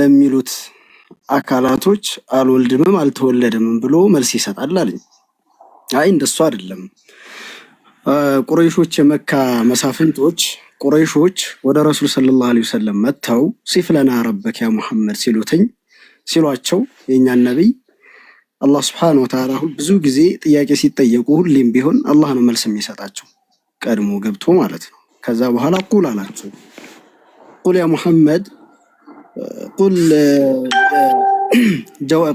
ለሚሉት አካላቶች አልወልድምም አልተወለድምም ብሎ መልስ ይሰጣል አለኝ። አይ እንደሱ አይደለም። ቁረይሾች የመካ መሳፍንቶች ቁረይሾች ወደ ረሱል ሰለላሁ ዐለይሂ ወሰለም መጥተው ሲፍለና ረበክ ያ ሙሐመድ ሲሉትኝ ሲሏቸው የእኛን ነቢይ አላህ ስብሐነሁ ወተዓላ ብዙ ጊዜ ጥያቄ ሲጠየቁ ሁሌም ቢሆን አላህ ነው መልስ የሚሰጣቸው ቀድሞ ገብቶ ማለት ነው። ከዛ በኋላ ቁል አላቸው ቁል ያ ሙሐመድ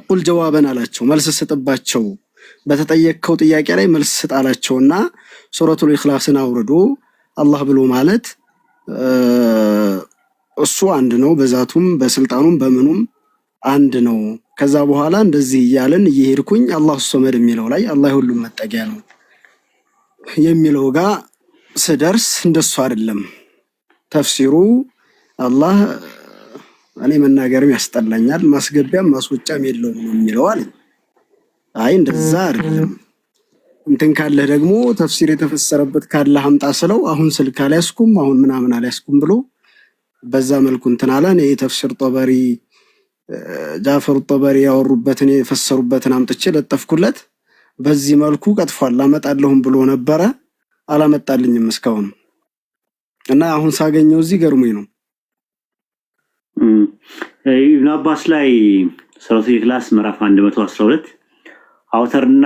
ቁል ጀዋበን አላቸው መልስ ስጥባቸው በተጠየቅከው ጥያቄ ላይ መልስ ስጥ አላቸውና ሱረቱል ኢኽላስን አውርዶ አላህ ብሎ ማለት እሱ አንድ ነው፣ በዛቱም በስልጣኑም በምኑም አንድ ነው። ከዛ በኋላ እንደዚህ እያለን እየሄድኩኝ አላሁ ሶመድ የሚለው ላይ አላህ የሁሉም መጠጊያ ነው የሚለው ጋር ስደርስ እንደሱ አይደለም ተፍሲሩ አላህ እኔ መናገርም ያስጠላኛል፣ ማስገቢያም ማስወጫም የለውም ነው የሚለው አለ። አይ እንደዛ አይደለም፣ እንትን ካለህ ደግሞ ተፍሲር የተፈሰረበት ካለ አምጣ ስለው አሁን ስልክ አልያዝኩም አሁን ምናምን አልያዝኩም ብሎ በዛ መልኩ እንትን አለ። እኔ ተፍሲር ጦበሪ ጃፈር ጦበሪ ያወሩበትን የፈሰሩበትን አምጥቼ ለጠፍኩለት። በዚህ መልኩ ቀጥፏል። አመጣለሁም ብሎ ነበረ አላመጣልኝም እስካሁን እና አሁን ሳገኘው እዚህ ገርሞኝ ነው ኢብኑ አባስ ላይ ሰለፊ ክላስ ምዕራፍ 112 አውተርና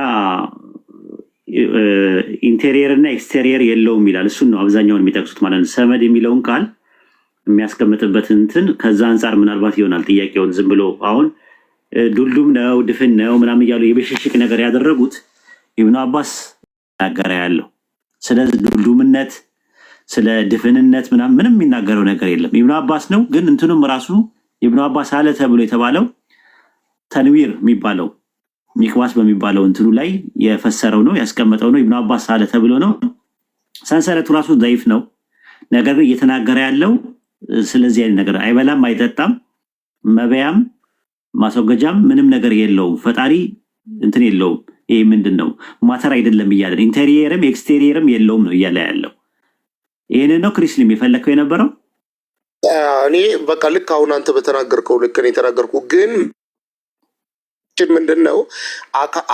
ኢንቴሪየር እና ኤክስቴሪየር የለውም ይላል። እሱን ነው አብዛኛውን የሚጠቅሱት ማለት ነው። ሰመድ የሚለውን ቃል የሚያስቀምጥበት እንትን ከዛ አንጻር ምናልባት ይሆናል ጥያቄውን ዝም ብሎ አሁን ዱልዱም ነው ድፍን ነው ምናምን እያሉ የብሽሽቅ ነገር ያደረጉት ኢብኑ አባስ ናገራ ያለው ስለዚህ ዱልዱምነት ስለ ድፍንነት ምናምን ምንም የሚናገረው ነገር የለም። ኢብኑ አባስ ነው ግን እንትኑም ራሱ ኢብኑ አባስ አለ ተብሎ የተባለው ተንዊር የሚባለው ሚቅባስ በሚባለው እንትኑ ላይ የፈሰረው ነው ያስቀመጠው ነው። ኢብኑ አባስ አለ ተብሎ ነው። ሰንሰለቱ ራሱ ዘይፍ ነው። ነገር ግን እየተናገረ ያለው ስለዚህ አይነት ነገር አይበላም፣ አይጠጣም፣ መበያም ማስወገጃም ምንም ነገር የለውም። ፈጣሪ እንትን የለውም። ይህ ምንድን ነው ማተር አይደለም እያለን ኢንተሪየርም ኤክስቴሪየርም የለውም ነው እያለ ያለው ይህንን ነው ክሪስሊም የፈለግከው የነበረው። እኔ በቃ ልክ አሁን አንተ በተናገርከው ልክ ነው የተናገርኩት። ግን ምንድን ነው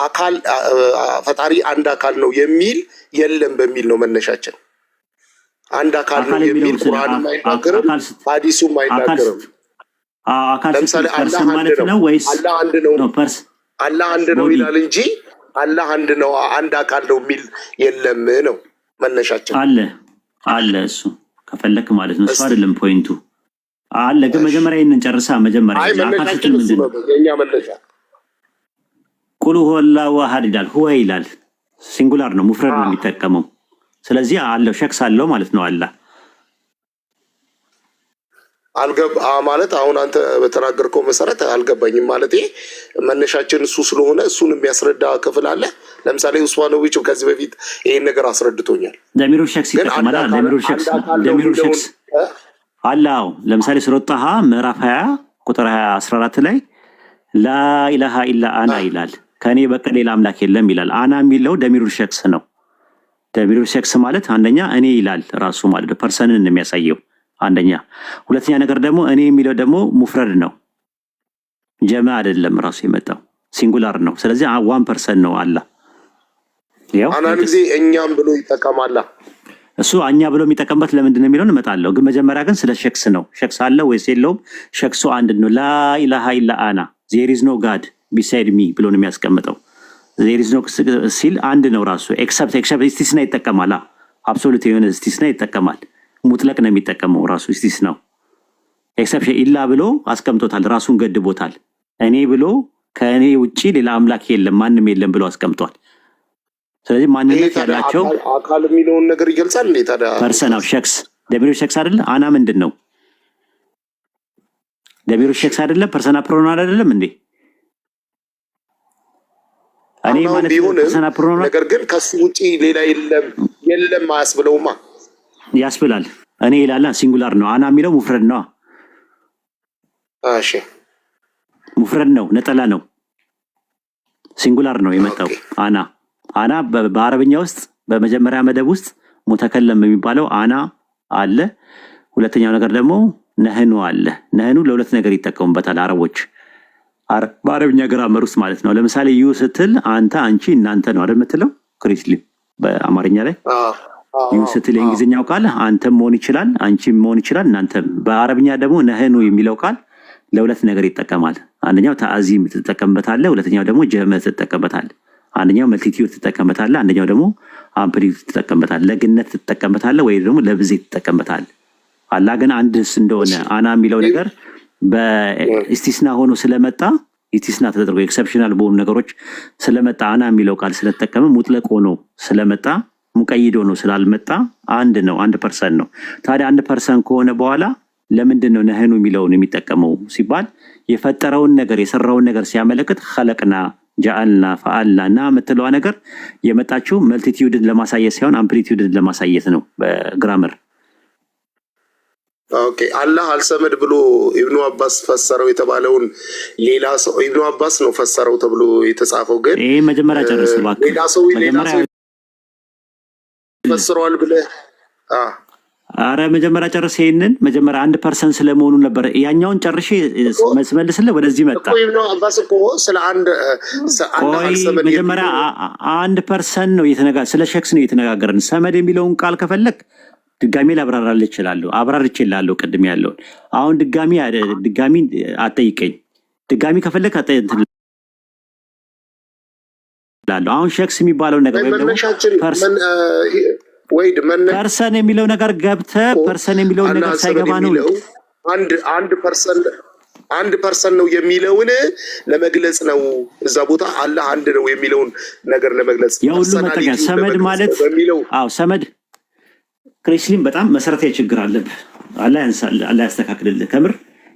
አካል ፈጣሪ አንድ አካል ነው የሚል የለም በሚል ነው መነሻችን። አንድ አካል ነው የሚል ቁርአንም አይናገርም ሀዲሱም አይናገርም። ለምሳሌ አላህ አንድ ነው ወይስ አላህ አንድ ነው አላህ አንድ ነው ይላል እንጂ አላህ አንድ ነው አንድ አካል ነው የሚል የለም ነው መነሻችን አለ አለ እሱ ከፈለክ ማለት ነው። እሱ አይደለም ፖይንቱ አለ ግን መጀመሪያ ይህንን ጨርሳ መጀመሪያ አካል ምንድን ይላል። ሁወ ይላል ሲንጉላር ነው፣ ሙፍረድ ነው የሚጠቀመው። ስለዚህ አለው ሸክስ አለው ማለት ነው። አላ አልገብ ማለት አሁን አንተ በተናገርከው መሰረት አልገባኝም ማለት መነሻችን እሱ ስለሆነ እሱን የሚያስረዳ ክፍል አለ ለምሳሌ ኡስማኖቪችም ከዚህ በፊት ይህን ነገር አስረድቶኛል። ደሚሮ ሸክስ ይጠቅማል። ደሚሮ ሸክስ አላው ለምሳሌ ስሮጣሃ ምዕራፍ ሀያ ቁጥር 14 ላይ ላኢላሃ ኢላ አና ይላል፣ ከእኔ በቀር ሌላ አምላክ የለም ይላል። አና የሚለው ደሚሩ ሸክስ ነው። ደሚሩ ሸክስ ማለት አንደኛ እኔ ይላል ራሱ ማለት ነው፣ ፐርሰንን የሚያሳየው አንደኛ። ሁለተኛ ነገር ደግሞ እኔ የሚለው ደግሞ ሙፍረድ ነው፣ ጀመ አይደለም። ራሱ የመጣው ሲንጉላር ነው። ስለዚህ ዋን ፐርሰን ነው አላህ አንዳንድ እኛም ብሎ ይጠቀማላ። እሱ እኛ ብሎ የሚጠቀምበት ለምንድን ነው የሚለውን እመጣለሁ። ግን መጀመሪያ ግን ስለ ሸክስ ነው። ሸክስ አለ ወይስ የለውም? ሸክሱ አንድ ነው። ላኢላሃ ኢላ አና ዜሪዝ ኖ ጋድ ቢሳይድ ሚ ብሎ ነው የሚያስቀምጠው። ዜሪዝ ኖ ሲል አንድ ነው ራሱ። ኤክሰፕት ኤክሰፕት እስቲስና ይጠቀማል። አብሶሉት የሆነ ስቲስና ይጠቀማል። ሙጥለቅ ነው የሚጠቀመው ራሱ ስቲስ ነው። ኤክሰፕሽን ኢላ ብሎ አስቀምጦታል። ራሱን ገድቦታል። እኔ ብሎ ከእኔ ውጭ ሌላ አምላክ የለም ማንም የለም ብሎ አስቀምጧል። ስለዚህ ማንነት ያላቸው አካል የሚለውን ነገር ይገልጻል። እንዴ ታዲያ ፐርሰን ኦፍ ሸክስ ደሚሮ ሸክስ አይደለ? አና ምንድን ነው ደሚሮ ሸክስ አይደለም? ፐርሰና ፕሮናል አይደለም እንዴ? እኔ ማለት ፐርሰና ፕሮናል ነገር ግን ከሱ ውጪ ሌላ የለም የለም አያስብለውማ። ያስብላል። እኔ ይላላ ሲንጉላር ነው። አና የሚለው ሙፍረድ ነው። እሺ ሙፍረድ ነው፣ ነጠላ ነው፣ ሲንጉላር ነው የመጣው አና አና በአረብኛ ውስጥ በመጀመሪያ መደብ ውስጥ ሙተከለም የሚባለው አና አለ። ሁለተኛው ነገር ደግሞ ነህኑ አለ። ነህኑ ለሁለት ነገር ይጠቀሙበታል አረቦች በአረብኛ ግራመር ውስጥ ማለት ነው። ለምሳሌ ዩ ስትል አንተ፣ አንቺ፣ እናንተ ነው አይደል የምትለው ክሪስሊ በአማርኛ ላይ ዩ ስትል የእንግሊዝኛው ቃል አንተም መሆን ይችላል፣ አንቺም መሆን ይችላል፣ እናንተም። በአረብኛ ደግሞ ነህኑ የሚለው ቃል ለሁለት ነገር ይጠቀማል። አንደኛው ተአዚም ትጠቀምበታለ፣ ሁለተኛው ደግሞ ጀመ ትጠቀምበታል። አንደኛው መልቲቲዩድ ትጠቀምበታለህ፣ አንደኛው ደግሞ አምፕሊቲዩድ ትጠቀምበታለህ። ለግነት ትጠቀምበታለህ ወይ ደግሞ ለብዜ ትጠቀምበታለህ። አላ ግን አንድስ እንደሆነ አና የሚለው ነገር በኢስቲስና ሆኖ ስለመጣ ኢስቲስና ተደርጎ ኤክሰፕሽናል በሆኑ ነገሮች ስለመጣ አና የሚለው ቃል ስለተጠቀመ ሙጥለቅ ሆኖ ስለመጣ ሙቀይድ ሆኖ ስላልመጣ አንድ ነው፣ አንድ ፐርሰን ነው። ታዲያ አንድ ፐርሰን ከሆነ በኋላ ለምንድን ነው ነህኑ የሚለውን የሚጠቀመው ሲባል የፈጠረውን ነገር የሰራውን ነገር ሲያመለክት ከለቅና ጃአልና ፈአልና እና የምትለዋ ነገር የመጣችው መልቲቲዩድን ለማሳየት ሳይሆን አምፕሊቲዩድን ለማሳየት ነው በግራመር አላህ አልሰመድ ብሎ ኢብኑ አባስ ፈሰረው የተባለውን ሌላ ሰው ኢብኑ አባስ ነው ፈሰረው ተብሎ የተጻፈው ግን ይህ መጀመሪያ ጨርስ ሌላ ሰው ፈስረዋል ብለህ አረ መጀመሪያ ጨርስ። ይህንን መጀመሪያ አንድ ፐርሰንት ስለመሆኑ ነበር። ያኛውን ጨርሼ ስመልስልህ ወደዚህ መጣ። መጀመሪያ አንድ ፐርሰንት ነው እየተነጋ ስለ ሸክስ ነው እየተነጋገርን። ሰመድ የሚለውን ቃል ከፈለግ ድጋሚ ላብራራልህ እችላለሁ። አብራርቼ እልሃለሁ ቅድም ያለውን። አሁን ድጋሚ ድጋሚ አጠይቀኝ። ድጋሚ ከፈለግ አጠይቅ። አሁን ሸክስ የሚባለው ነገር ወይም ደግሞ ወይ ፐርሰን የሚለው ነገር ገብተ ፐርሰን የሚለው ነገር ሳይገባ ነው አንድ አንድ ፐርሰን አንድ ፐርሰን ነው የሚለውን ለመግለጽ ነው። እዛ ቦታ አላህ አንድ ነው የሚለውን ነገር ለመግለጽ የሁሉ መጠቀም ሰመድ ማለት አዎ፣ ሰመድ ክሪስሊን በጣም መሰረታዊ ችግር አለብህ። አላህ ያንሳልህ፣ ያስተካክልልህ። ከምር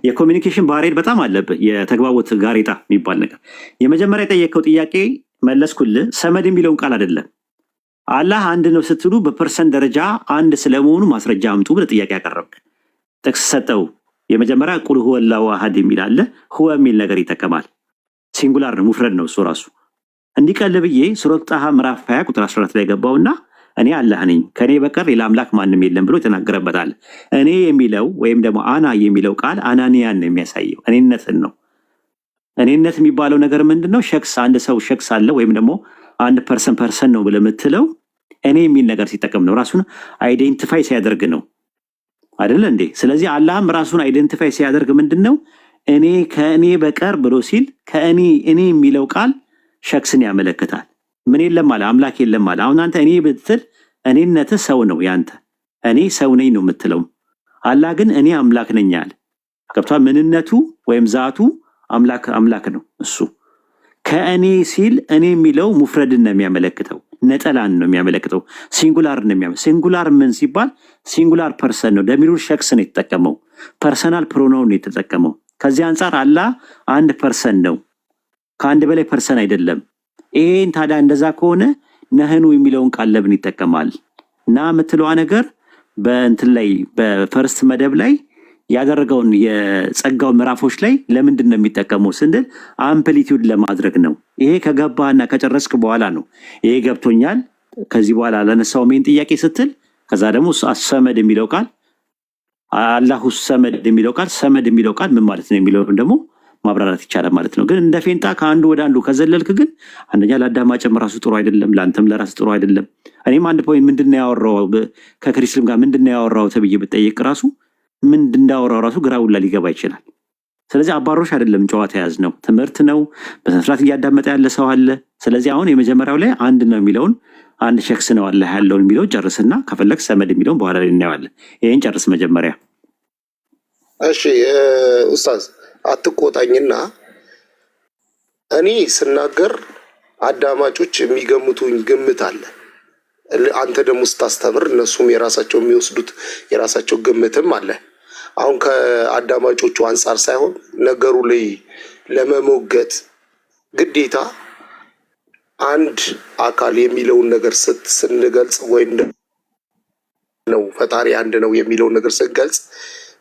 የኮሚኒኬሽን ባሬር በጣም አለብህ። የተግባቦት ጋሬጣ የሚባል ነገር የመጀመሪያ የጠየቀው ጥያቄ መለስኩልህ። ሰመድ የሚለውን ቃል አይደለም አላህ አንድ ነው ስትሉ በፐርሰንት ደረጃ አንድ ስለመሆኑ ማስረጃ አምጡ ብለህ ጥያቄ ያቀረብክ ጥቅስ ሰጠው። የመጀመሪያ ቁል ሁወ ላሁ አሐድ የሚል አለ። ሁወ የሚል ነገር ይጠቀማል። ሲንጉላር ነው፣ ሙፍረድ ነው እሱ ራሱ። እንዲቀል ብዬ ሱረት ጣሃ ምዕራፍ 20 ቁጥር 14 ላይ ገባውና እኔ አላህ ነኝ ከእኔ በቀር ሌላ አምላክ ማንም የለም ብሎ የተናገረበታል። እኔ የሚለው ወይም ደግሞ አና የሚለው ቃል አናንያን ነው የሚያሳየው፣ እኔነትን ነው። እኔነት የሚባለው ነገር ምንድን ነው? ሸክስ አንድ ሰው ሸክስ አለ ወይም ደግሞ አንድ ፐርሰን ፐርሰን ነው ብለምትለው የምትለው እኔ የሚል ነገር ሲጠቀም ነው። ራሱን አይደንቲፋይ ሲያደርግ ነው አይደለ እንዴ? ስለዚህ አላህም ራሱን አይደንቲፋይ ሲያደርግ ምንድን ነው እኔ ከእኔ በቀር ብሎ ሲል ከእኔ እኔ የሚለው ቃል ሸክስን ያመለክታል። ምን የለም አለ አምላክ የለም አለ። አሁን አንተ እኔ ብትል እኔነት ሰው ነው ያንተ እኔ ሰው ነኝ ነው የምትለው። አላህ ግን እኔ አምላክ ነኝ አለ። ገብቷል። ምንነቱ ወይም ዛቱ አምላክ አምላክ ነው እሱ። ከእኔ ሲል እኔ የሚለው ሙፍረድን ነው የሚያመለክተው ነጠላን ነው የሚያመለክተው። ሲንጉላር ነው። ሲንጉላር ምን ሲባል ሲንጉላር ፐርሰን ነው፣ ደሚሩር ሸክስ ነው የተጠቀመው። ፐርሰናል ፕሮናውን ነው የተጠቀመው። ከዚህ አንጻር አላህ አንድ ፐርሰን ነው፣ ከአንድ በላይ ፐርሰን አይደለም። ይሄን ታዲያ እንደዛ ከሆነ ነህኑ የሚለውን ቃል ለምን ይጠቀማል? ና የምትለዋ ነገር በእንትን ላይ በፈርስት መደብ ላይ ያደረገውን የጸጋው ምዕራፎች ላይ ለምንድን ነው የሚጠቀመው ስንል አምፕሊቲዩድ ለማድረግ ነው። ይሄ ከገባህና ከጨረስክ በኋላ ነው ይሄ ገብቶኛል ከዚህ በኋላ ለነሳው ሜን ጥያቄ ስትል ከዛ ደግሞ ሰመድ የሚለው ቃል አላሁ ሰመድ የሚለው ቃል ሰመድ የሚለው ቃል ምን ማለት ነው የሚለው ደግሞ ማብራራት ይቻላል ማለት ነው። ግን እንደ ፌንጣ ከአንዱ ወደ አንዱ ከዘለልክ ግን አንደኛ ለአዳማጭም ራሱ ጥሩ አይደለም፣ ለአንተም ለራስ ጥሩ አይደለም። እኔም አንድ ፖይንት ምንድን ነው ያወራው ከክሪስልም ጋር ምንድን ነው ያወራው ተብዬ ብጠየቅ ራሱ ምንድ እንዳወራው ራሱ ግራ ውላ ሊገባ ይችላል። ስለዚህ አባሮሽ አይደለም ጨዋታ የያዝ ነው፣ ትምህርት ነው። በስነስርዓት እያዳመጠ ያለ ሰው አለ። ስለዚህ አሁን የመጀመሪያው ላይ አንድ ነው የሚለውን አንድ ሸክስ ነው አለ ያለውን የሚለውን ጨርስና ከፈለግ ሰመድ የሚለውን በኋላ ላይ እናየዋለን። ይህን ጨርስ መጀመሪያ። እሺ ኡስታዝ አትቆጣኝና እኔ ስናገር አዳማጮች የሚገምቱኝ ግምት አለ። አንተ ደግሞ ስታስተምር እነሱም የራሳቸው የሚወስዱት የራሳቸው ግምትም አለ። አሁን ከአዳማጮቹ አንጻር ሳይሆን ነገሩ ላይ ለመሞገት ግዴታ አንድ አካል የሚለውን ነገር ስንገልጽ ወይም ነው ፈጣሪ አንድ ነው የሚለውን ነገር ስንገልጽ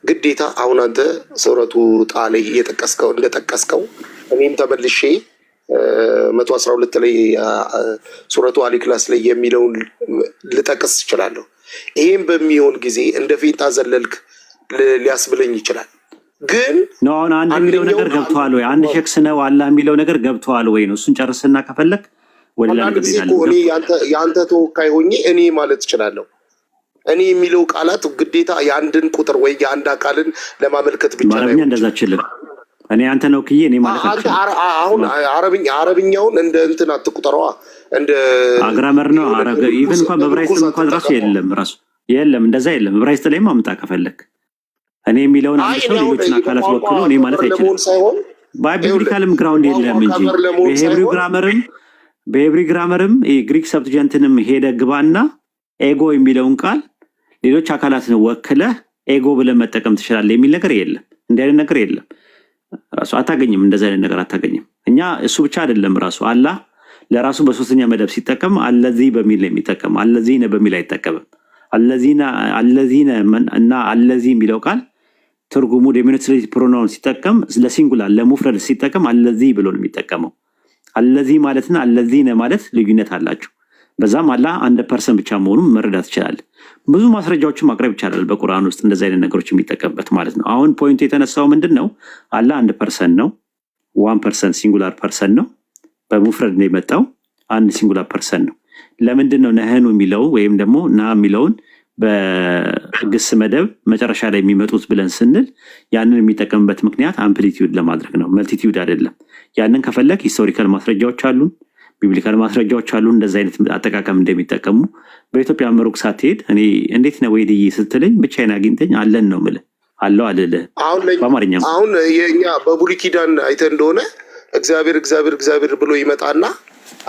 ግዴታ አሁን አንተ ሱረቱ ጣ ላይ እየጠቀስከው እንደጠቀስከው እኔም ተመልሼ መቶ አስራ ሁለት ላይ ሱረቱ አሊ ክላስ ላይ የሚለውን ልጠቅስ እችላለሁ። ይህም በሚሆን ጊዜ እንደ ፌንጣ ዘለልክ ሊያስብለኝ ይችላል። ግን አሁን አንድ የሚለው ነገር ገብተዋል ወይ? አንድ ሸክስ ነው አላ የሚለው ነገር ገብተዋል ወይ ነው። እሱን ጨርስና ከፈለግ አንድ የአንተ ተወካይ ሆኜ እኔ ማለት እችላለሁ። እኔ የሚለው ቃላት ግዴታ የአንድን ቁጥር ወይ የአንድ አካልን ለማመልከት ብቻ ነው። እንደዛ ችልም እኔ አንተ ነው ክዬ እኔ ማለት አሁን አረብኛውን እንደ እንትን አትቁጠረዋ እንደ አግራመር ነው። ኢቨን እንኳን በብራይስጥ እንኳን ራሱ የለም ራሱ የለም እንደዛ የለም። ብራይስጥ ላይም አምጣ ከፈለግ እኔ የሚለውን አንድ ሰው ሌሎችን አካላት ወክሎ እኔ ማለት አይችልም። በቢብሊካልም ግራውንድ የለም እንጂ በሄብሪ ግራመርም በሄብሪ ግራመርም ግሪክ ሰብትጀንትንም ሄደ ግባና ኤጎ የሚለውን ቃል ሌሎች አካላትን ወክለህ ኤጎ ብለን መጠቀም ትችላለ የሚል ነገር የለም። እንዲህ አይነት ነገር የለም። ራሱ አታገኝም፣ እንደዚህ አይነት ነገር አታገኝም። እኛ እሱ ብቻ አይደለም ራሱ አላህ ለራሱ በሶስተኛ መደብ ሲጠቀም አለዚህ በሚል ነው የሚጠቀም። አለዚነ በሚል አይጠቀምም። አለዚነ እና አለዚህ የሚለው ቃል ትርጉሙ ዴሚኒስትሬቲቭ ፕሮናውን ሲጠቀም ለሲንጉላር ለሙፍረድ ሲጠቀም አለዚህ ብሎ ነው የሚጠቀመው። አለዚህ ማለትና አለዚህነ ማለት ልዩነት አላቸው። በዛም አላ አንድ ፐርሰን ብቻ መሆኑን መረዳት ይችላል። ብዙ ማስረጃዎችን ማቅረብ ይቻላል በቁርአን ውስጥ እንደዚህ አይነት ነገሮች የሚጠቀምበት ማለት ነው። አሁን ፖይንቱ የተነሳው ምንድን ነው? አላ አንድ ፐርሰን ነው። ዋን ፐርሰን ሲንጉላር ፐርሰን ነው። በሙፍረድ ነው የመጣው። አንድ ሲንጉላር ፐርሰን ነው። ለምንድን ነው ነህኑ የሚለው ወይም ደግሞ ና የሚለውን በግስ መደብ መጨረሻ ላይ የሚመጡት ብለን ስንል ያንን የሚጠቀምበት ምክንያት አምፕሊቲዩድ ለማድረግ ነው፣ መልቲቲዩድ አይደለም። ያንን ከፈለግ ሂስቶሪካል ማስረጃዎች አሉን፣ ቢብሊካል ማስረጃዎች አሉን፣ እንደዚ አይነት አጠቃቀም እንደሚጠቀሙ በኢትዮጵያ መሩቅ ሳትሄድ እኔ እንዴት ነው ወይድይ ስትለኝ ብቻዬን አግኝተኝ አለን ነው ምል አለው አልልህ። በአማርኛ አሁን የኛ በብሉይ ኪዳን አይተ እንደሆነ እግዚአብሔር እግዚአብሔር እግዚአብሔር ብሎ ይመጣና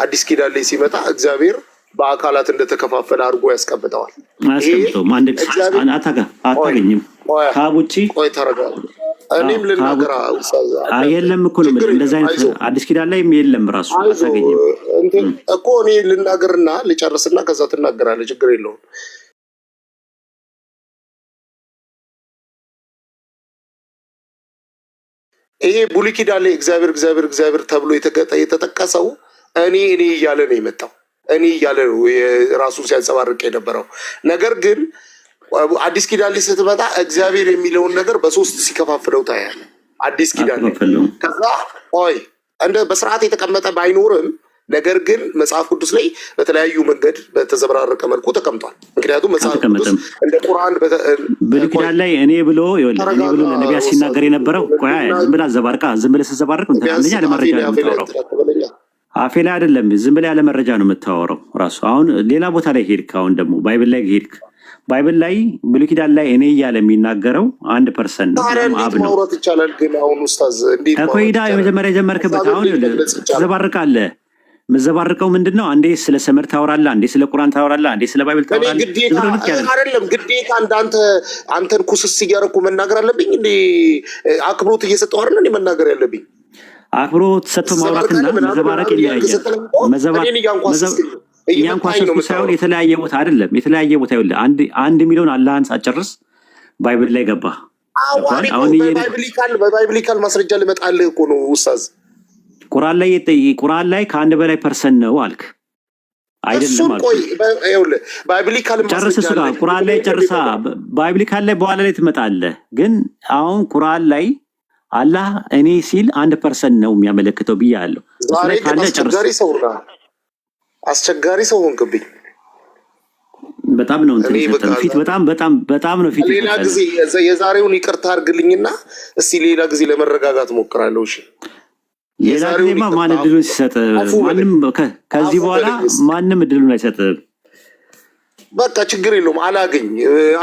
አዲስ ኪዳን ላይ ሲመጣ እግዚአብሔር በአካላት እንደተከፋፈለ አድርጎ ያስቀምጠዋል። እኔም ልናገር የለም እኮ አይነት አዲስ ኪዳን ላይም የለም። ራሱ አታገኝም እኮ እኔ ልናገርና ልጨርስና ከዛ ትናገራለ። ችግር የለውም። ይሄ ብሉይ ኪዳን ላይ እግዚአብሔር እግዚአብሔር እግዚአብሔር ተብሎ የተጠቀሰው እኔ እኔ እያለ ነው የመጣው እኔ እያለ ነው ራሱን ሲያንጸባርቅ የነበረው ነገር ግን አዲስ ኪዳን ላይ ስትመጣ እግዚአብሔር የሚለውን ነገር በሶስት ሲከፋፍለው ታያለ። አዲስ ኪዳን ከዛ ይ እንደ በስርዓት የተቀመጠ ባይኖርም ነገር ግን መጽሐፍ ቅዱስ ላይ በተለያዩ መንገድ በተዘበራረቀ መልኩ ተቀምጧል። ምክንያቱም መጽሐፍ ቅዱስ እንደ ቁርአን ብሉይ ኪዳን ላይ እኔ ብሎ እኔ ብሎ ለነቢያት ሲናገር የነበረው ዝም ብላ አዘባርቃ ዝም ብለህ ስትዘባርቅ አንደኛ ለማረጃ ነው አፌ ላይ አይደለም። ዝም ብላ ያለ መረጃ ነው የምታወረው። ራሱ። አሁን ሌላ ቦታ ላይ ሄድክ፣ አሁን ደግሞ ባይብል ላይ ሄድክ። ባይብል ላይ ብሉይ ኪዳን ላይ እኔ እያለ የሚናገረው አንድ ፐርሰን ነው አብ ነው እኮ ሂዳ የመጀመሪያ የጀመርክበት አሁን ትዘባርቃለህ። የምዘባርቀው ምንድን ነው? አንዴ ስለ ሰመር ታወራለህ፣ አንዴ ስለ ቁራን ታወራለህ፣ አንዴ ስለ ባይብል ታወራለህ። አይደለም ግዴታ እንዳንተ አንተን ኩስስ እያደረኩ መናገር አለብኝ? አክብሮት እየሰጠሁ አይደል መናገር ያለብኝ? አክብሮ ተሰጥቶ ማውራትና መዘባረቅ ይለያያል። እያንኳሰሱ ሳይሆን የተለያየ ቦታ አይደለም። የተለያየ ቦታ ይለ አንድ ሚሊዮን አላህን ሳጨርስ ባይብል ላይ ገባ። በባይብሊካል ማስረጃ ልመጣልህ እኮ ነው ኡስታዝ። ቁርአን ላይ ቁርአን ላይ ከአንድ በላይ ፐርሰን ነው አልክ አይደለም ጨርስ። ቁርአን ላይ ጨርሳ ባይብሊካል ላይ በኋላ ላይ ትመጣለህ። ግን አሁን ቁርአን ላይ አላህ እኔ ሲል አንድ ፐርሰንት ነው የሚያመለክተው ብዬ አለው። አስቸጋሪ ሰው አስቸጋሪ ሰው ሆንክብኝ። በጣም ነው ፊት በጣም በጣም በጣም ነው ፊት። ሌላ ጊዜ የዛሬውን ይቅርታ አድርግልኝና እስቲ ሌላ ጊዜ ለመረጋጋት ሞክራለሁ። እሺ ሌላ ጊዜማ ማን እድሉን ሲሰጥ? ማንም ከዚህ በኋላ ማንም እድሉን አይሰጥም። በቃ ችግር የለውም። አላገኝ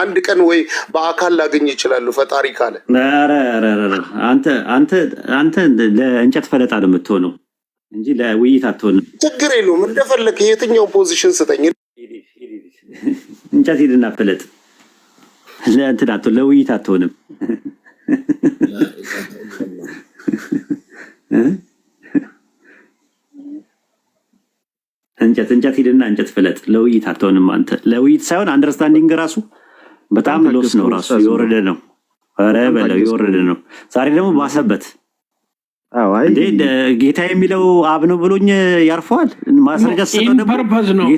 አንድ ቀን ወይ በአካል ላገኝ ይችላሉ። ፈጣሪ ካለ አንተ ለእንጨት ፈለጣ ነው የምትሆነው እንጂ ለውይይት አትሆንም። ችግር የለውም። እንደፈለክ የትኛው ፖዚሽን ስጠኝ። እንጨት ሄድና ፈለጥ። ለእንትን ለውይይት አትሆንም። እንጨት እንጨት ሂድና እንጨት ፍለጥ። ለውይይት አትሆንም አንተ። ለውይይት ሳይሆን አንደርስታንዲንግ ራሱ በጣም ሎስ ነው፣ ራሱ የወረደ ነው። ኧረ በለው የወረደ ነው። ዛሬ ደግሞ ባሰበት። ጌታ የሚለው አብ ነው ብሎኝ ያርፈዋል። ማስረጃ ኢንፐርፐዝ ነው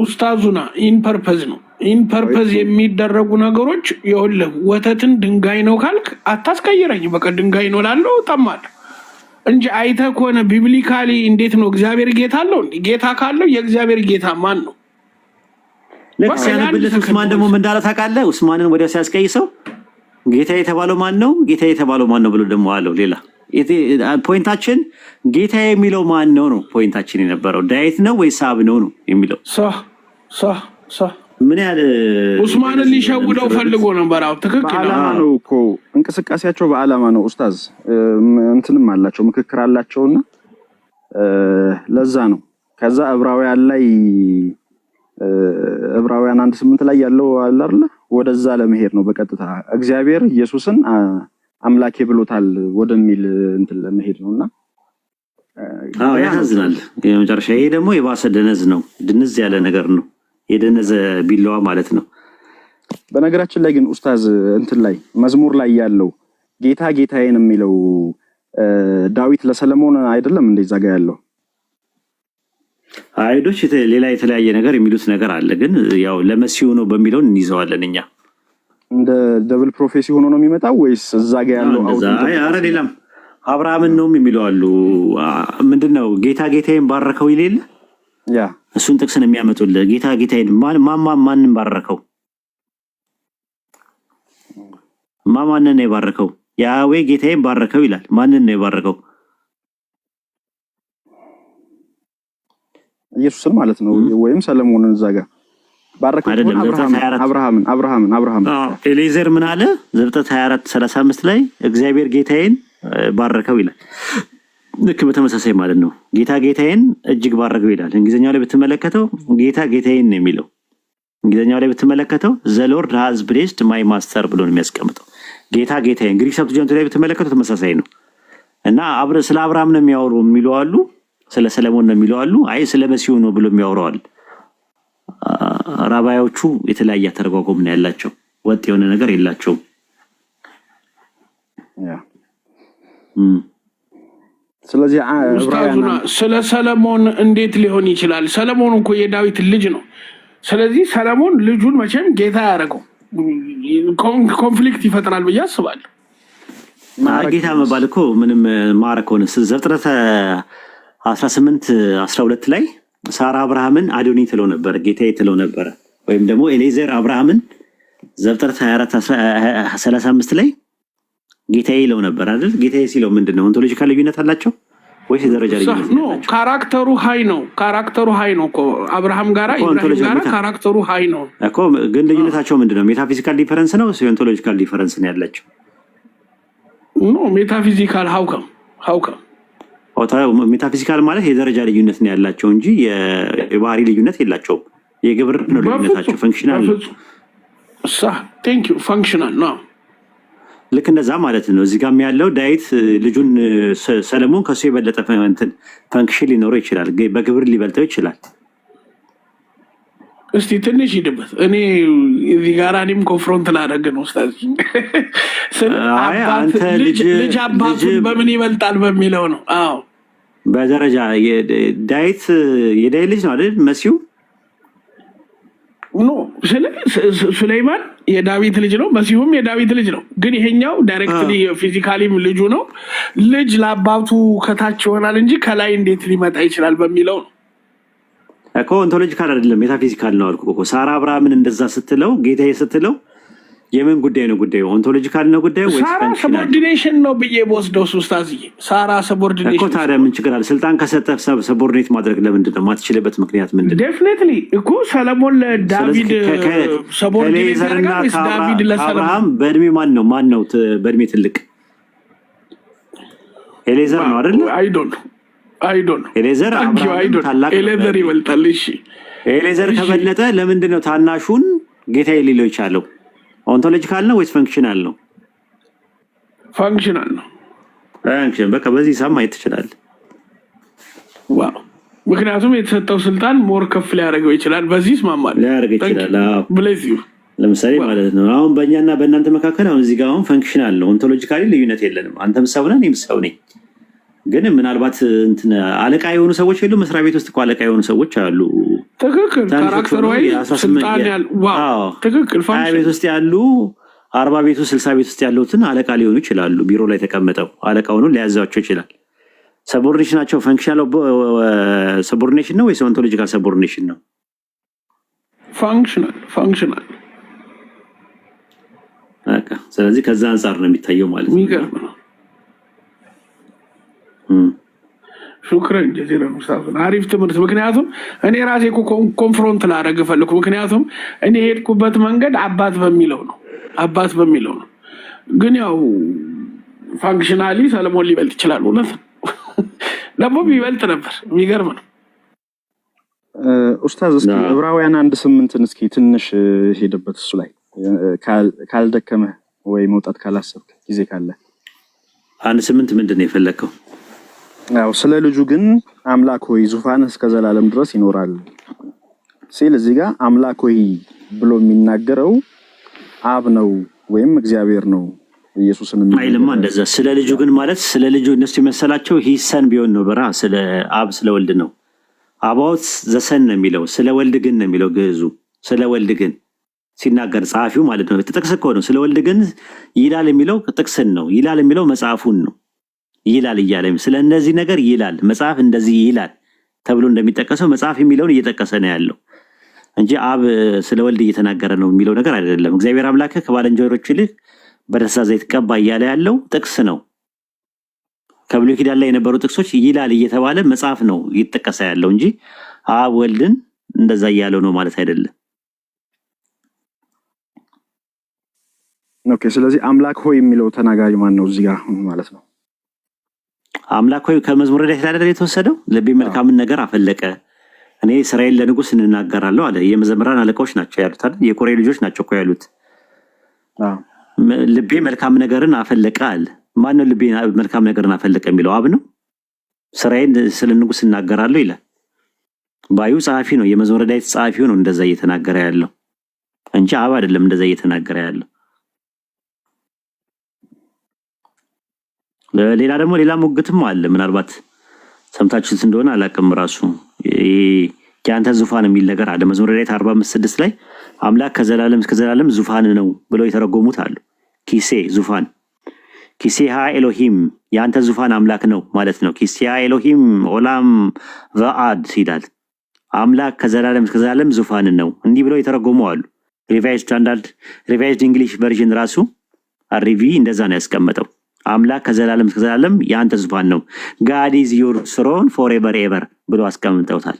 ኡስታዙና፣ ኢንፐርፐዝ ነው ኢንፐርፐዝ የሚደረጉ ነገሮች የለም። ወተትን ድንጋይ ነው ካልክ አታስቀይረኝ። በቃ ድንጋይ ነው ላለው ጠማለሁ እንጂ አይተ ከሆነ ቢብሊካሊ እንዴት ነው እግዚአብሔር ጌታ አለው? ጌታ ካለው የእግዚአብሔር ጌታ ማን ነው? ልክ ሲያነብልህ ኡስማን ደግሞ ምን እንዳለ ታውቃለህ? ኡስማንን ወዲያው ሲያስቀይሰው ጌታ የተባለው ማን ነው? ጌታ የተባለው ማን ነው ብሎ ደግሞ አለው። ሌላ ፖይንታችን ጌታ የሚለው ማን ነው ነው ፖይንታችን የነበረው ዳዊት ነው ወይስ አብ ነው ነው የሚለው ምን ያህል ኡስማንን ሊሸውደው ፈልጎ ነበር። አዎ ትክክል ነው እኮ እንቅስቃሴያቸው በዓላማ ነው። ኡስታዝ እንትንም አላቸው ምክክር አላቸውና ለዛ ነው። ከዛ እብራውያን ላይ እብራውያን አንድ ስምንት ላይ ያለው አላለ ወደዛ ለመሄድ ነው በቀጥታ እግዚአብሔር ኢየሱስን አምላኬ ብሎታል ወደሚል እንትን ለመሄድ እና ያሳዝናል። የመጨረሻ ይሄ ደግሞ የባሰ ደነዝ ነው፣ ድንዝ ያለ ነገር ነው። የደነዘ ቢላዋ ማለት ነው። በነገራችን ላይ ግን ኡስታዝ እንትን ላይ መዝሙር ላይ ያለው ጌታ ጌታዬን የሚለው ዳዊት ለሰለሞን አይደለም እንደዛ ጋ ያለው አይዶች ሌላ የተለያየ ነገር የሚሉት ነገር አለ። ግን ያው ለመሲሁ ነው በሚለውን እንይዘዋለን እኛ። እንደ ደብል ፕሮፌሲ ሆኖ ነው የሚመጣው ወይስ እዛ ጋ ያለው? ሌላም አብርሃምን ነውም የሚለዋሉ ምንድን ነው ጌታ ጌታዬን ባረከው ይሌለ እሱን ጥቅስን የሚያመጡልህ ጌታ ጌታዬን ማማ ማንን ባረከው? ማ ማንን ነው የባረከው? ያዌ ጌታዬን ባረከው ይላል። ማንን ነው የባረከው? ኢየሱስን ማለት ነው ወይም ሰለሞንን እዛ ጋር ባረከው። ኤሌዘር ምን አለ? ዘፍጥረት 24 35 ላይ እግዚአብሔር ጌታዬን ባረከው ይላል። ልክ በተመሳሳይ ማለት ነው። ጌታ ጌታዬን እጅግ ባረገው ይላል። እንግሊዝኛው ላይ ብትመለከተው ጌታ ጌታዬን ነው የሚለው። እንግሊዝኛው ላይ ብትመለከተው ዘሎርድ ሃዝ ብሌስድ ማይ ማስተር ብሎ ነው የሚያስቀምጠው። ጌታ ጌታዬን ግሪክ ጀንቱ ላይ ብትመለከተው ተመሳሳይ ነው እና ስለ አብርሃም ነው የሚያወሩ የሚሉ አሉ፣ ስለ ሰለሞን ነው የሚሉ አሉ፣ አይ ስለ መሲሁ ነው ብሎ የሚያወረዋል። ራባያዎቹ የተለያየ አተረጓጎም ነው ያላቸው። ወጥ የሆነ ነገር የላቸውም። ስለዚህ ስለ ሰለሞን እንዴት ሊሆን ይችላል? ሰለሞን እኮ የዳዊት ልጅ ነው። ስለዚህ ሰለሞን ልጁን መቼም ጌታ ያደረገው ኮንፍሊክት ይፈጥራል ብዬ አስባለሁ። ጌታ መባል እኮ ምንም ማዕረግ ሆነ። ዘፍጥረት 18 12 ላይ ሳራ አብርሃምን አዶኒ ትለው ነበረ፣ ጌታዬ ትለው ነበረ። ወይም ደግሞ ኤሌዘር አብርሃምን ዘፍጥረት 35 ላይ ጌታዬ ይለው ነበር አይደል? ጌታዬ ሲለው ምንድን ነው? ኦንቶሎጂካ ልዩነት አላቸው ወይስ የደረጃ ልዩነት አላቸው? ካራክተሩ ሀይ ነው። ካራክተሩ ሀይ ነው እኮ አብርሃም ጋራ ኢብራሂም ጋራ ካራክተሩ ሀይ ነው እኮ። ግን ልዩነታቸው ምንድን ነው? ሜታፊዚካል ዲፈረንስ ነው ኦንቶሎጂካል ዲፈረንስ ነው ያላቸው? ኖ ሜታፊዚካል ሀውከም ሀውከም ሜታፊዚካል ማለት የደረጃ ልዩነት ነው ያላቸው እንጂ የባህሪ ልዩነት የላቸውም። የግብር ነው ልዩነታቸው። ፈንክሽናል ነው። ቴንክ ዩ ፈንክሽናል ነው ልክ እንደዛ ማለት ነው። እዚህ ጋም ያለው ዳዊት ልጁን ሰለሞን ከሱ የበለጠ ፈንክሽን ሊኖረው ይችላል፣ በግብር ሊበልጠው ይችላል። እስቲ ትንሽ ሂድበት። እኔ እዚህ ጋር እኔም ኮንፍሮንት ላደረግ ነው ልጅ አባቱን በምን ይበልጣል በሚለው ነው። አዎ በደረጃ የዳዊት የዳዊት ልጅ ነው አይደል መሲው ኖ ሱሌይማን የዳዊት ልጅ ነው፣ መሲሁም የዳዊት ልጅ ነው። ግን ይሄኛው ዳይሬክትሊ ፊዚካሊም ልጁ ነው። ልጅ ለአባቱ ከታች ይሆናል እንጂ ከላይ እንዴት ሊመጣ ይችላል በሚለው ነው እኮ። ኦንቶሎጂካል አይደለም ሜታፊዚካል ነው አልኩ እኮ። ሳራ አብርሃምን እንደዛ ስትለው ጌታዬ ስትለው የምን ጉዳይ ነው? ጉዳዩ ኦንቶሎጂካል ነው ጉዳዩ ሳራ ሰቦርዲኔሽን ነው ብዬ በወስደው ሱስታዝ ሳራ ሰቦርዲኔሽን እኮ ታዲያ ምን ችግር አለ? ስልጣን ከሰጠ ሰቦርዲኔት ማድረግ ለምንድን ነው ማትችልበት ምክንያት ምንድን ነው? ዴፍኔትሊ እኮ ሰለሞን ለዳቪድ ሰቦርዲኔት ያደርጋል። በእድሜ ማን ነው ማን ነው በእድሜ ትልቅ? ኤሌዘር ነው አይደለ? አይዶን አይዶን ኤሌዘር ታላቅ ኤሌዘር ይበልጣል። እሺ ኤሌዘር ከበለጠ ለምንድን ነው ታናሹን ጌታ የሌለው ይቻለው ኦንቶሎጂካል ነው ወይስ ፈንክሽናል ነው? ፋንክሽናል ነው። ፈንክሽን በቃ በዚህ ሂሳብ ማየት ትችላለህ። ምክንያቱም የተሰጠው ስልጣን ሞር ከፍ ሊያደርገው ይችላል። በዚህ ይስማማል፣ ሊያደርግ ይችላል። ብለዚሁ ለምሳሌ ማለት ነው አሁን በእኛና በእናንተ መካከል አሁን እዚህ ጋር አሁን ፈንክሽናል ነው። ኦንቶሎጂካሊ ልዩነት የለንም። አንተም ሰው ነህ፣ እኔም ሰው ነኝ። ግን ምናልባት አለቃ የሆኑ ሰዎች የሉ መስሪያ ቤት ውስጥ እኮ አለቃ የሆኑ ሰዎች አሉ ትክክል ካራክተር ወይ ስልጣን ትክክል ሀያ ቤት ውስጥ ያሉ አርባ ቤቱ ስልሳ ቤት ውስጥ ያሉትን አለቃ ሊሆኑ ይችላሉ። ቢሮ ላይ ተቀምጠው አለቃ ሆኖ ሊያዛቸው ይችላል። ሰቦርኔሽን ናቸው። ፈንክሽናል ሰቦርኔሽን ነው ወይስ ኦንቶሎጂካል ሰቦርኔሽን ነው? ፋንክሽናል ፋንክሽናል። ስለዚህ ከዛ አንጻር ነው የሚታየው ማለት ነው። ሹክረን ጀዚረን ኡስታዝ፣ አሪፍ ትምህርት። ምክንያቱም እኔ ራሴ ኮንፍሮንት ላደረግ ፈልኩ። ምክንያቱም እኔ የሄድኩበት መንገድ አባት በሚለው ነው አባት በሚለው ነው። ግን ያው ፋንክሽናሊ ሰለሞን ሊበልጥ ይችላል። እውነት ነው ደግሞ ቢበልጥ ነበር። የሚገርም ነው። ኡስታዝ እስኪ ዕብራውያን አንድ ስምንትን እስኪ ትንሽ ሄደበት እሱ ላይ ካልደከመ ወይ መውጣት ካላሰብክ ጊዜ ካለ አንድ ስምንት ምንድን ነው የፈለግከው? ያው ስለ ልጁ ግን አምላክ ሆይ ዙፋን እስከ ዘላለም ድረስ ይኖራል ሲል እዚህ ጋር አምላክ ሆይ ብሎ የሚናገረው አብ ነው ወይም እግዚአብሔር ነው። ኢየሱስን አይልማ እንደዛ። ስለ ልጁ ግን ማለት ስለ ልጁ እነሱ የመሰላቸው ሂሰን ቢሆን ነው በራ ስለ አብ ስለ ወልድ ነው አባውት ዘሰን ነው የሚለው ስለ ወልድ ግን ነው የሚለው ግዕዙ ስለ ወልድ ግን ሲናገር ጸሐፊው ማለት ነው። ጥቅስ ከሆነ ስለ ወልድ ግን ይላል የሚለው ጥቅስን ነው። ይላል የሚለው መጽሐፉን ነው። ይላል እያለ ስለ እነዚህ ነገር ይላል መጽሐፍ እንደዚህ ይላል ተብሎ እንደሚጠቀሰው መጽሐፍ የሚለውን እየጠቀሰ ነው ያለው እንጂ አብ ስለ ወልድ እየተናገረ ነው የሚለው ነገር አይደለም። እግዚአብሔር አምላክ ከባልንጀሮቹ ይልቅ በደስታ ዘይት ቀባ እያለ ያለው ጥቅስ ነው። ከብሉይ ኪዳን ላይ የነበሩ ጥቅሶች ይላል እየተባለ መጽሐፍ ነው እየተጠቀሰ ያለው እንጂ አብ ወልድን እንደዛ እያለው ነው ማለት አይደለም። ኦኬ። ስለዚህ አምላክ ሆይ የሚለው ተናጋሪ ማን ነው እዚህ ጋር ማለት ነው? አምላክ ከመዝሙረ ዳዊት አይደል የተወሰደው? ልቤ መልካምን ነገር አፈለቀ፣ እኔ እስራኤል ለንጉስ እንናገራለሁ አለ። የመዘምራን አለቃዎች ናቸው ያሉት አይደል? የቆሬ ልጆች ናቸው እኮ ያሉት። ልቤ መልካም ነገርን አፈለቀ አለ። ማነው ልቤ መልካም ነገርን አፈለቀ የሚለው? አብ ነው። እስራኤል ስለ ንጉስ እናገራለሁ ይላል። ባዩ ጸሐፊ ነው፣ የመዝሙረ ዳዊት ጸሐፊው ነው እንደዛ እየተናገረ ያለው እንጂ አብ አይደለም እንደዛ እየተናገረ ያለው። ሌላ ደግሞ ሌላ ሙግትም አለ። ምናልባት ሰምታችሁት እንደሆነ አላቅም። ራሱ የአንተ ዙፋን የሚል ነገር አለ። መዝሙረ ዳዊት አርባ አምስት ስድስት ላይ አምላክ ከዘላለም እስከ ዘላለም ዙፋን ነው ብለው የተረጎሙት አሉ። ኪሴ ዙፋን ኪሴ ሃ ኤሎሂም የአንተ ዙፋን አምላክ ነው ማለት ነው። ኪሴ ሃ ኤሎሂም ኦላም ቨአድ ይላል። አምላክ ከዘላለም እስከ ዘላለም ዙፋን ነው እንዲህ ብለው የተረጎሙ አሉ። ሪቫይዝድ ስታንዳርድ ሪቫይዝድ እንግሊሽ ቨርዥን ራሱ አሪቪ እንደዛ ነው ያስቀመጠው። አምላክ ከዘላለም እስከ ዘላለም የአንተ ዙፋን ነው። ጋድ ኢዝ ዩር ስሮን ፎሬቨር ኤቨር ብሎ አስቀምጠውታል።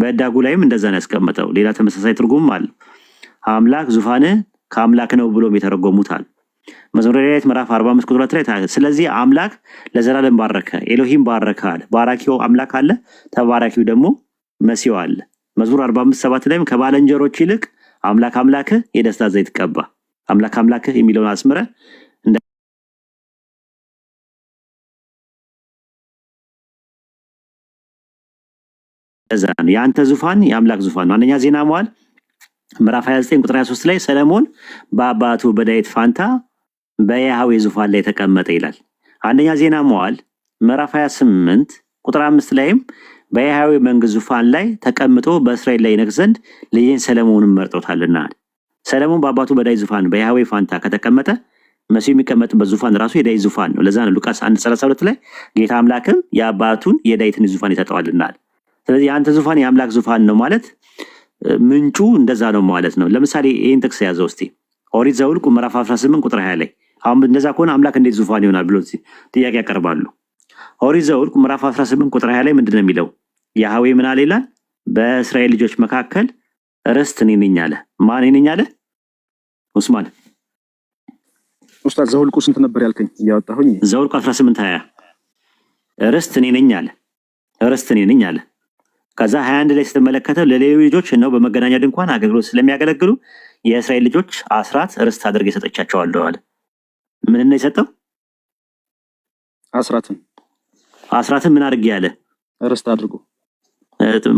በዳጉ ላይም እንደዛ ነው ያስቀምጠው። ሌላ ተመሳሳይ ትርጉም አለ። አምላክ ዙፋን ከአምላክ ነው ብሎም የተረጎሙታል። መዝሙረ ዳዊት ምዕራፍ 45 ቁጥር ሁለት ላይ ስለዚህ አምላክ ለዘላለም ባረከ፣ ኤሎሂም ባረከ አለ። ባራኪው አምላክ አለ፣ ተባራኪው ደግሞ መሲው አለ። መዝሙር 45 7 ላይም ከባለንጀሮች ይልቅ አምላክ አምላክህ የደስታ ዘይት ቀባ አምላክ አምላክህ የሚለውን አስምረ እዛ ነው የአንተ ዙፋን የአምላክ ዙፋን ነው። አንደኛ ዜና መዋዕል ምዕራፍ 29 ቁጥር 23 ላይ ሰለሞን በአባቱ በዳዊት ፋንታ በያህዌ ዙፋን ላይ ተቀመጠ ይላል። አንደኛ ዜና መዋዕል ምዕራፍ 28 ቁጥር 5 ላይም በያህዌ መንግስት ዙፋን ላይ ተቀምጦ በእስራኤል ላይ ይነግስ ዘንድ ልጅን ሰለሞንን መርጦታልና ሰለሞን በአባቱ በዳዊት ዙፋን በያህዌ ፋንታ ከተቀመጠ መሲሁ የሚቀመጥበት ዙፋን ራሱ የዳዊት ዙፋን ነው። ለዛ ነው ሉቃስ 1 ላይ ጌታ አምላክም የአባቱን የዳዊትን ዙፋን ይሰጠዋልናል። ስለዚህ የአንተ ዙፋን የአምላክ ዙፋን ነው ማለት ምንጩ እንደዛ ነው ማለት ነው። ለምሳሌ ይህን ጥቅስ የያዘው እስቲ ኦሪት ዘኍልቍ ምዕራፍ 18 ቁጥር 20 ላይ አሁን እንደዛ ከሆነ አምላክ እንዴት ዙፋን ይሆናል ብሎ ጥያቄ ያቀርባሉ። ኦሪት ዘኍልቍ ምዕራፍ 18 ቁጥር 20 ላይ ምንድን ነው የሚለው? ያህዌ ምን አለ ይላል? በእስራኤል ልጆች መካከል ርስት እኔ ነኝ አለ። ማን ነኝ አለ? ኡስማን ኡስታዝ ዘኍልቍ ስንት ነበር ያልከኝ? እያወጣሁኝ ዘውልቁ 18 20 ርስት እኔ ነኝ አለ። ርስት እኔ ነኝ አለ ከዛ ሀያ አንድ ላይ ስትመለከተው ለሌዊ ልጆች ነው በመገናኛ ድንኳን አገልግሎት ስለሚያገለግሉ የእስራኤል ልጆች አስራት ርስት አድርግ ሰጠቻቸዋለሁ አለ። ምን ነው የሰጠው? አስራትን አስራትን ምን አድርግ ያለ ርስት አድርጎ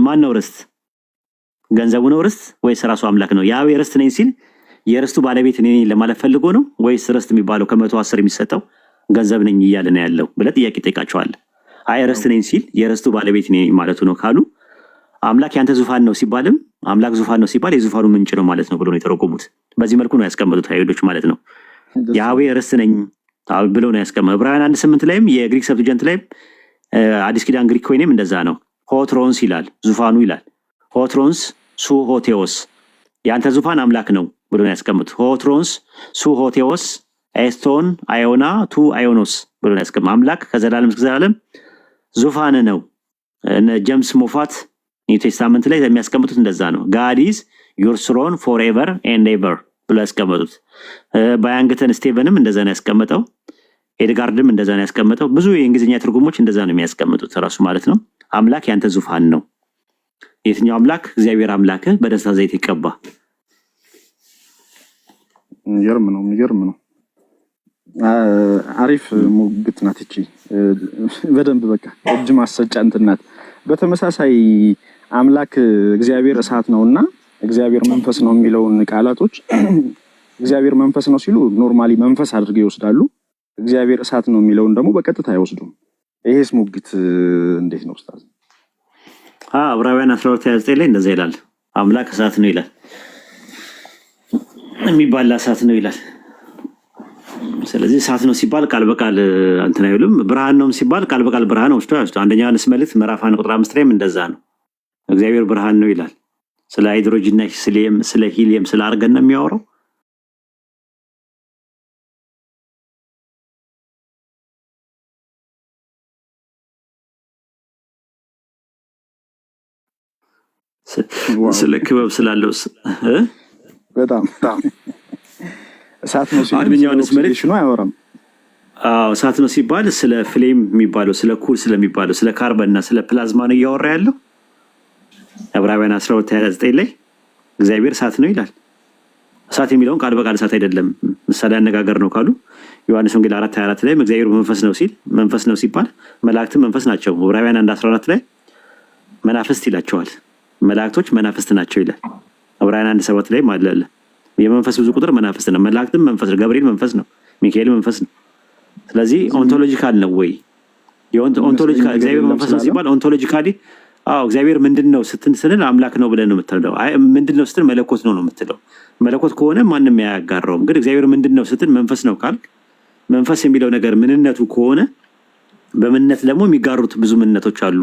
ማን ነው ርስት? ገንዘቡ ነው ርስት ወይስ ራሱ አምላክ ነው? ያው ርስት ነኝ ሲል የርስቱ ባለቤት እኔ ነኝ ለማለት ፈልጎ ነው ወይስ ርስት የሚባለው ከመቶ አስር የሚሰጠው ገንዘብ ነኝ እያለ ነው ያለው ብለህ ጥያቄ ጠይቃቸዋል። አይ ርስት ነኝ ሲል የርስቱ ባለቤት እኔ ነኝ ማለቱ ነው ካሉ አምላክ ያንተ ዙፋን ነው ሲባልም አምላክ ዙፋን ነው ሲባል የዙፋኑ ምንጭ ነው ማለት ነው ብሎ ነው የተረጎሙት። በዚህ መልኩ ነው ያስቀመጡት አይሁዶች ማለት ነው። የአዌ ርስ ነኝ ብሎ ነው ያስቀመጡ። ዕብራውያን አንድ ስምንት ላይም የግሪክ ሰብትጀንት ላይም አዲስ ኪዳን ግሪክ ኮይኔም እንደዛ ነው። ሆትሮንስ ይላል ዙፋኑ ይላል። ሆትሮንስ ሱ ሆቴዎስ የአንተ ዙፋን አምላክ ነው ብሎ ነው ያስቀምጡ። ሆትሮንስ ሱ ሆቴዎስ ኤስቶን አዮና ቱ አዮኖስ ብሎ ነው ያስቀምጡት። አምላክ ከዘላለም እስከ ዘላለም ዙፋን ነው። ጀምስ ሞፋት ኒው ቴስታመንት ላይ የሚያስቀምጡት እንደዛ ነው። ጋዲስ ዩር ስሮን ፎር ኤቨር ኤንድ ኤቨር ብሎ ያስቀመጡት። ባያንግተን ስቴቨንም እንደዛ ነው ያስቀምጠው ኤድጋርድም እንደዛ ነው ያስቀምጠው ብዙ የእንግሊዝኛ ትርጉሞች እንደዛ ነው የሚያስቀምጡት ራሱ ማለት ነው። አምላክ ያንተ ዙፋን ነው። የትኛው አምላክ? እግዚአብሔር አምላክ በደስታ ዘይት ይቀባ። የሚገርም ነው፣ የሚገርም ነው። አሪፍ ሙግት ናት እቺ፣ በደንብ በቃ እጅ ማሰጫ እንትናት በተመሳሳይ አምላክ እግዚአብሔር እሳት ነውና እግዚአብሔር መንፈስ ነው የሚለውን ቃላቶች እግዚአብሔር መንፈስ ነው ሲሉ ኖርማሊ መንፈስ አድርገው ይወስዳሉ። እግዚአብሔር እሳት ነው የሚለውን ደግሞ በቀጥታ አይወስዱም። ይሄስ ሙግት እንዴት ነው ኡስታዝ? ዕብራውያን 29 ላይ እንደዛ ይላል። አምላክ እሳት ነው ይላል፣ የሚባል እሳት ነው ይላል። ስለዚህ እሳት ነው ሲባል ቃል በቃል እንትን አይልም። ብርሃን ነው ሲባል ቃል በቃል ብርሃን ወስዶ አንደኛ ዮሐንስ መልእክት ምዕራፍ አንድ ቁጥር አምስት ላይም እንደዛ ነው። እግዚአብሔር ብርሃን ነው ይላል። ስለ ሃይድሮጅንና ስሌም ስለ ሂሊየም ስለ አርገን ነው የሚያወራው። ስለ ክበብ ስላለው በጣም እሳት ነው አያወራም። እሳት ነው ሲባል ስለ ፍሌም የሚባለው ስለ ኩል ስለሚባለው ስለ ካርበን እና ስለ ፕላዝማ ነው እያወራ ያለው ዕብራውያን 12 29 ላይ እግዚአብሔር እሳት ነው ይላል። እሳት የሚለውን ቃል በቃል እሳት አይደለም፣ ምሳሌ አነጋገር ነው ካሉ ዮሐንስ ወንጌል 4 24 ላይ እግዚአብሔር መንፈስ ነው ሲል መንፈስ ነው ሲባል መላእክትም መንፈስ ናቸው። ዕብራውያን 1 14 ላይ መናፍስት ይላቸዋል። መላእክቶች መናፍስት ናቸው ይላል። ዕብራውያን አንድ ሰባት ላይ ማለለ የመንፈስ ብዙ ቁጥር መናፍስት ነው። መላእክትም መንፈስ ነው። ገብርኤል መንፈስ ነው። ሚካኤል መንፈስ ነው። ስለዚህ ኦንቶሎጂካል ነው ወይ? ኦንቶሎጂካል እግዚአብሔር መንፈስ ነው ሲባል ኦንቶሎጂካሊ አዎ እግዚአብሔር ምንድን ነው ስትን ስንል አምላክ ነው ብለን ነው የምትለው። ምንድን ነው ስትል መለኮት ነው ነው የምትለው። መለኮት ከሆነ ማንም አያጋራውም። ግን እግዚአብሔር ምንድን ነው ስትን መንፈስ ነው ካልክ መንፈስ የሚለው ነገር ምንነቱ ከሆነ በምንነት ደግሞ የሚጋሩት ብዙ ምንነቶች አሉ።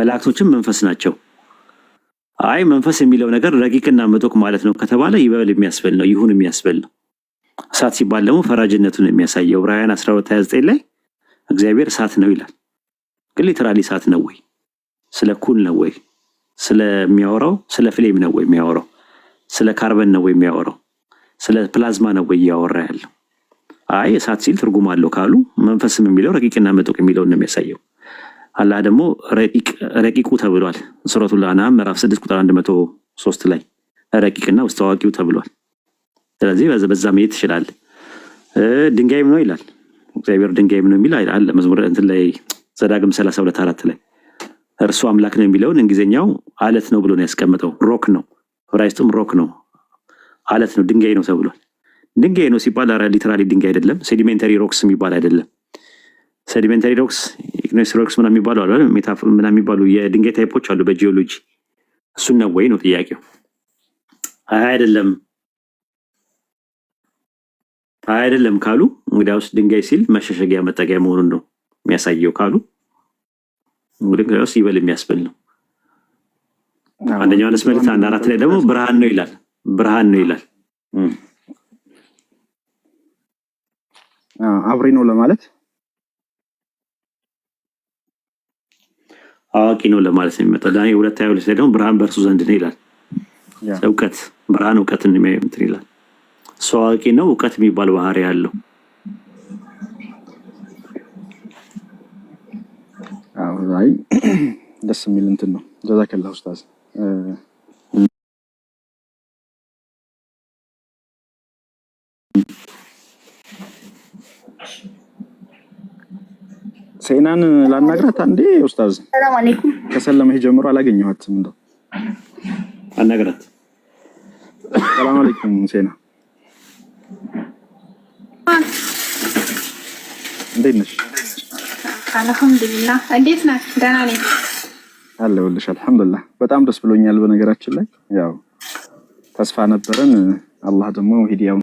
መላእክቶችም መንፈስ ናቸው። አይ መንፈስ የሚለው ነገር ረቂቅና መጦቅ ማለት ነው ከተባለ ይበል የሚያስበል ነው፣ ይሁን የሚያስበል ነው። እሳት ሲባል ደግሞ ፈራጅነቱን የሚያሳየው ዕብራውያን 12 29 ላይ እግዚአብሔር እሳት ነው ይላል። ግን ሊተራሊ እሳት ነው ወይ? ስለ ኩል ነው ወይ ስለሚያወራው? ስለ ፍሌም ነው ወይ የሚያወራው? ስለ ካርበን ነው ወይ የሚያወራው? ስለ ፕላዝማ ነው ወይ እያወራ ያለው? አይ እሳት ሲል ትርጉም አለው ካሉ መንፈስም የሚለው ረቂቅና መጡቅ የሚለውን ነው የሚያሳየው። አላህ ደግሞ ረቂቁ ተብሏል። ሱረቱል አናም ምዕራፍ ስድስት ቁጥር አንድ መቶ ሶስት ላይ ረቂቅና ውስጥ አዋቂው ተብሏል። ስለዚህ በዛ መሄድ ትችላለህ። ድንጋይም ነው ይላል እግዚአብሔር ድንጋይም ነው የሚል አለ መዝሙር እንትን ላይ ዘዳግም ሰላሳ ሁለት አራት ላይ እርሱ አምላክ ነው የሚለውን እንግሊዝኛው አለት ነው ብሎ ነው ያስቀምጠው። ሮክ ነው ዕብራይስጡም ሮክ ነው አለት ነው ድንጋይ ነው ተብሏል። ድንጋይ ነው ሲባል ሊተራሊ ድንጋይ አይደለም። ሴዲሜንተሪ ሮክስ የሚባል አይደለም። ሴዲሜንተሪ ሮክስ፣ ኢግኖስ ሮክስ ምና የሚባሉ አሉ ምናምን የሚባሉ የድንጋይ ታይፖች አሉ በጂኦሎጂ። እሱን ነው ወይ ነው ጥያቄው? አይ አይደለም፣ አይደለም ካሉ እንግዲያውስ ድንጋይ ሲል መሸሸጊያ መጠጊያ መሆኑን ነው የሚያሳየው ካሉ እንግዲያውስ ይበል የሚያስብል ነው። አንደኛው ዮሐንስ መልእክት አንድ አራት ላይ ደግሞ ብርሃን ነው ይላል። ብርሃን ነው ይላል። አብሪ ነው ለማለት አዋቂ ነው ለማለት ነው የሚመጣው። ዳንኤል ሁለት ሀያ ሁለት ላይ ደግሞ ብርሃን በእርሱ ዘንድ ነው ይላል። እውቀት ብርሃን እውቀትን እንትን ይላል። እሱ አዋቂ ነው፣ እውቀት የሚባል ባህሪ ያለው አይ ደስ የሚል እንትን ነው። ጀዛከላ ኡስታዝ። ሴናን ላናግራት አንዴ ኡስታዝ። ከሰለመች ጀምሮ አላገኘኋትም። እንደው አናግራት። ሰላም አለይኩም ሴና፣ እንዴት ነሽ? አልሐምዱሊላህ እንዴት ናት? ደህና ነኝ አለሁልሽ። አልሐምዱሊላህ በጣም ደስ ብሎኛል። በነገራችን ላይ ያው ተስፋ ነበረን። አላህ ደግሞ ሂዲያውን